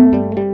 Thank you.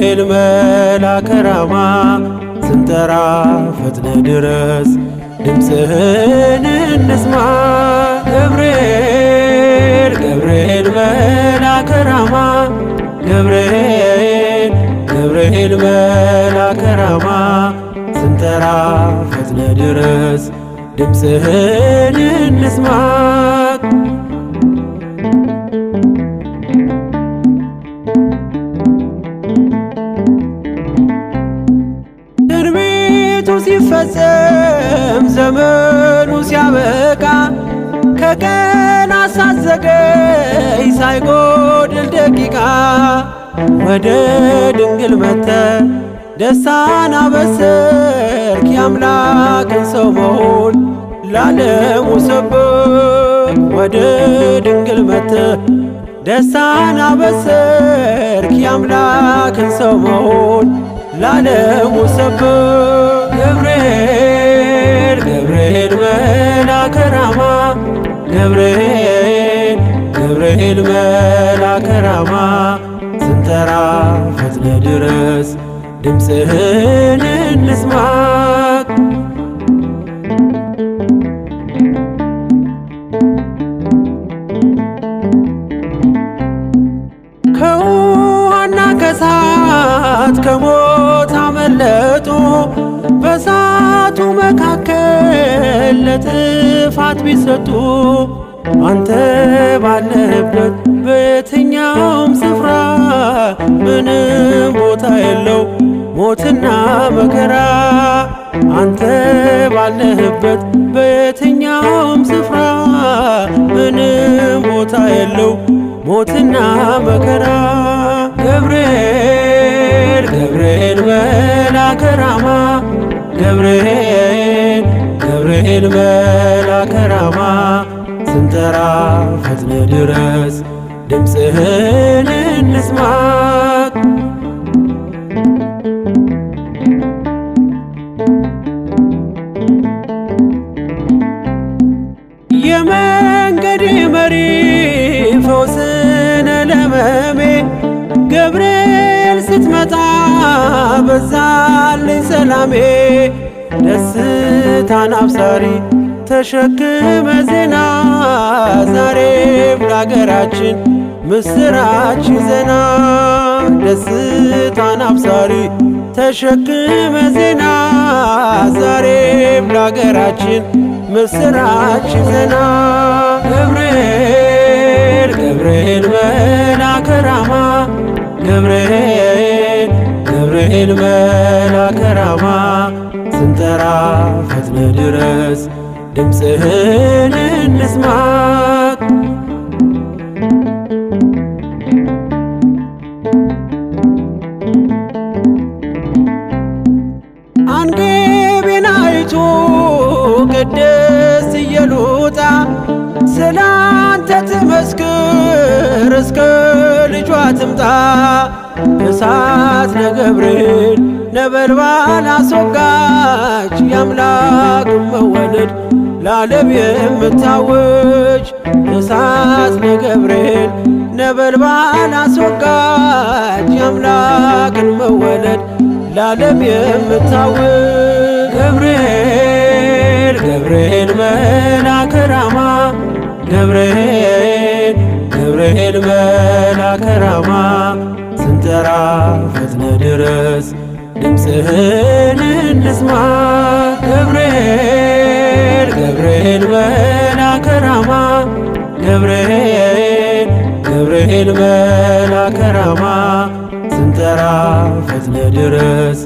ገብርኤል መላከ ራማ ስንጠራ ፈጥነ ድረስ ድምፅህን እንስማ ገብርኤል ገብርኤል መላከ ራማ ገብርኤል ገብርኤል መላከ ራማ ስንጠራ ፈጥነ ድረስ ድምፅህን እንስማ ዘመኑ ሲያበቃ ከቀን አሳዘገይ ሳይጎድል ደቂቃ ወደ ድንግል መተ ደስታን አበሰርክ የአምላክን ሰው መሆን ላለሙ ሰብእ ወደ ድንግል መተ ደስታን አበሰርክ የአምላክን ሰው መሆን ላለሙ ሰብእ ገብርኤል መልአከ ራማ ገብርኤል ገብርኤል መልአከ ራማ ስንጠራ ፈጥነ ድረስ ድምፅህን እንስማ ከውሃና ከሳት ከሞት አመለጡ በሳ በሁለቱ መካከል ለጥፋት ቢሰጡ አንተ ባለህበት በየትኛውም ስፍራ ምንም ቦታ የለው ሞትና መከራ አንተ ባለህበት በየትኛውም ስፍራ ምንም ቦታ የለው ሞትና መከራ ገብርኤል ገብርኤል መልአከ ከራማ? ገብርኤል ገብርኤል መልአከ ራማ ስንጠራ ፈጥነ ድረስ ድምፅህን እንስማ የመንገድ መሪ ፈውስነ ለመሜ ገብርኤል በዛልኝ ሰላሜ ደስታን አብሳሪ ተሸክመ ዜና ዛሬም ለአገራችን ምስራች ዜና ደስታን አብሳሪ ተሸክመ ዜና ዛሬም ለአገራችን ምስራች ዜና ገብርኤል ገብርኤል መልአከ ራማ ገብርኤል ገብርኤል መልአከ ራማ ስንጠራ ፈጥነ ድረስ ድምፅህን እንስማ አቡነ ገብርኤል ነበልባል አስወጋች የአምላክ መወለድ ለዓለም የምታወጅ እሳት ገብርኤል ነበልባል አስወጋች የአምላክን መወለድ ለዓለም የምታወጅ ገብርኤል ገብርኤል መልአከ ራማ ገብርኤል ገብርኤል መልአከ ራማ ስንጠራ እስከምትነ ድረስ ድምፅህን እንስማ ገብርኤል ገብርኤል መልአከ ራማ ገብርኤል ገብርኤል መልአከ ራማ ስንጠራ ፈጥነ ድረስ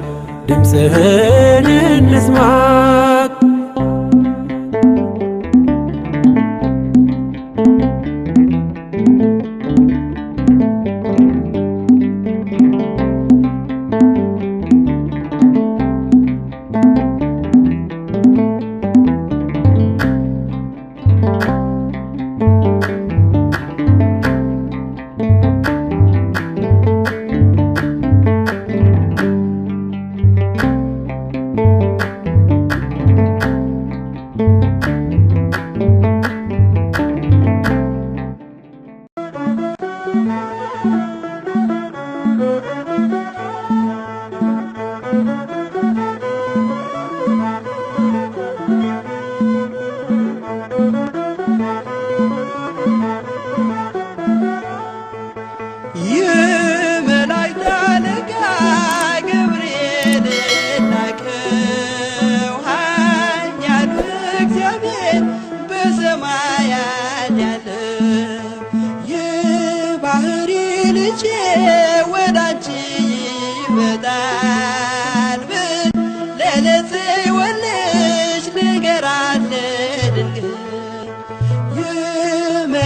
ድምፅህን እንስማ Música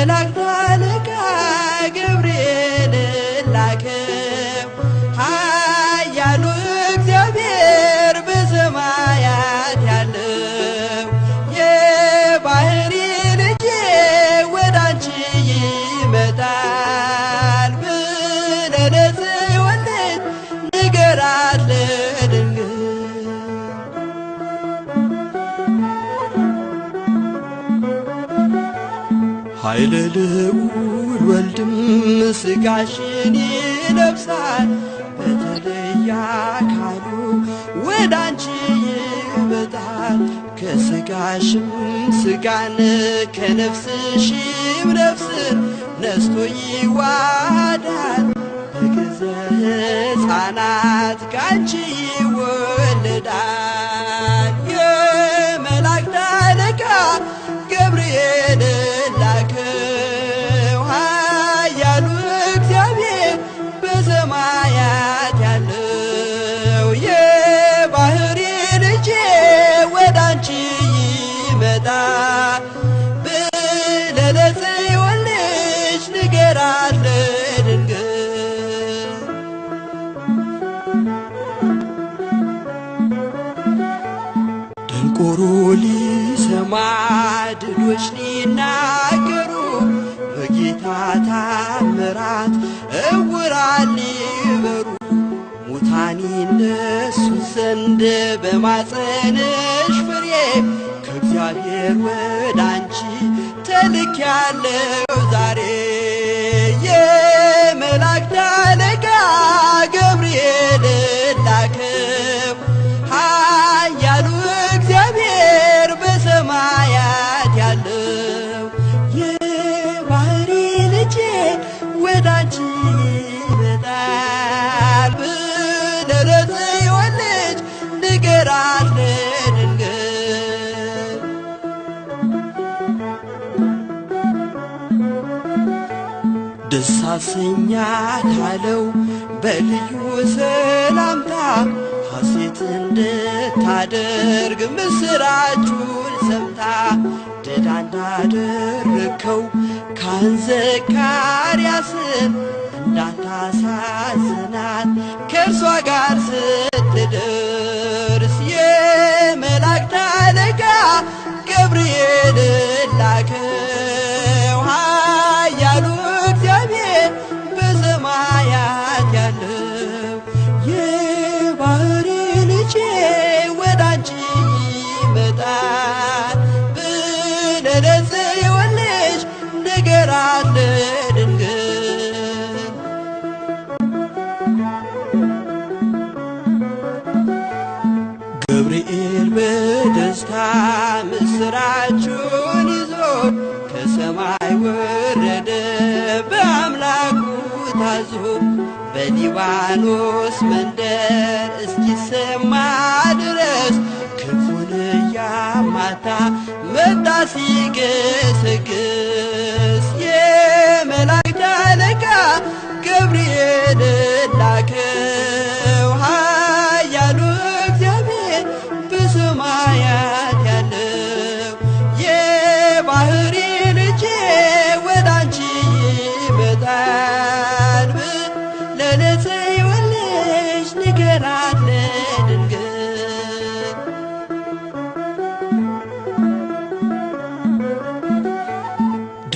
ተላክቷል ቃ ገብርኤል የልዑል ወልድም ስጋሽን ይለብሳል በተለየ አካሉ ወደ አንቺ ይመጣል ከስጋሽም ስጋን ከነፍስሽም ነፍስን ነስቶ ይዋዳል በገዛ ሕፃናት ካንቺ ይወለዳል ቁሩ ሊሰማ ድሎች ሊናገሩ በጌታ ታምራት እውራን ሊበሩ ሙታን ይነሱ ዘንድ በማጸንሽ ፍሬ ከእግዚአብሔር ወዳንቺ ተልክ ተልኬያለሁ ንገራት ለድንግል በልዩ ሰላምታ ሐሴት እንድታደርግ ምስራቹን ሰምታ ደዳ እንዳደረከው ካህን ዘካርያስን እንዳታሳዝናት ከእርሷ ጋር ስ ልደርስ የመላእክት አለቃ ገብርኤል ላከ ደስታ ምስራችሁን ይዞ ከሰማይ ወረደ በአምላኩ ታዞ በሊባኖስ መንደር እስኪሰማ ድረስ ክፉን እያማታ መጣ ሲገሰግስ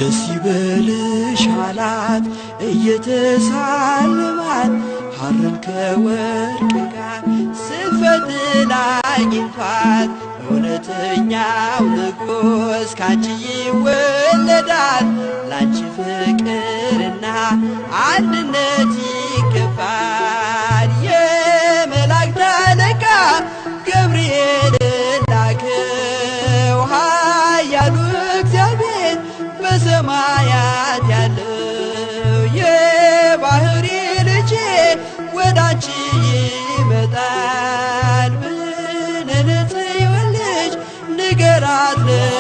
ደስ ይበልሽ አላት እየተሳለማት ሐርን ከወርቅ ጋር ስትፈትል አግኝቷት እውነተኛው ንጉሥ ካንቺ ይወለዳል ላንቺ ፍቅርና አንድነት ወዳንቺ ይመጣል ብለን ጽዮን ልጅ ንገራት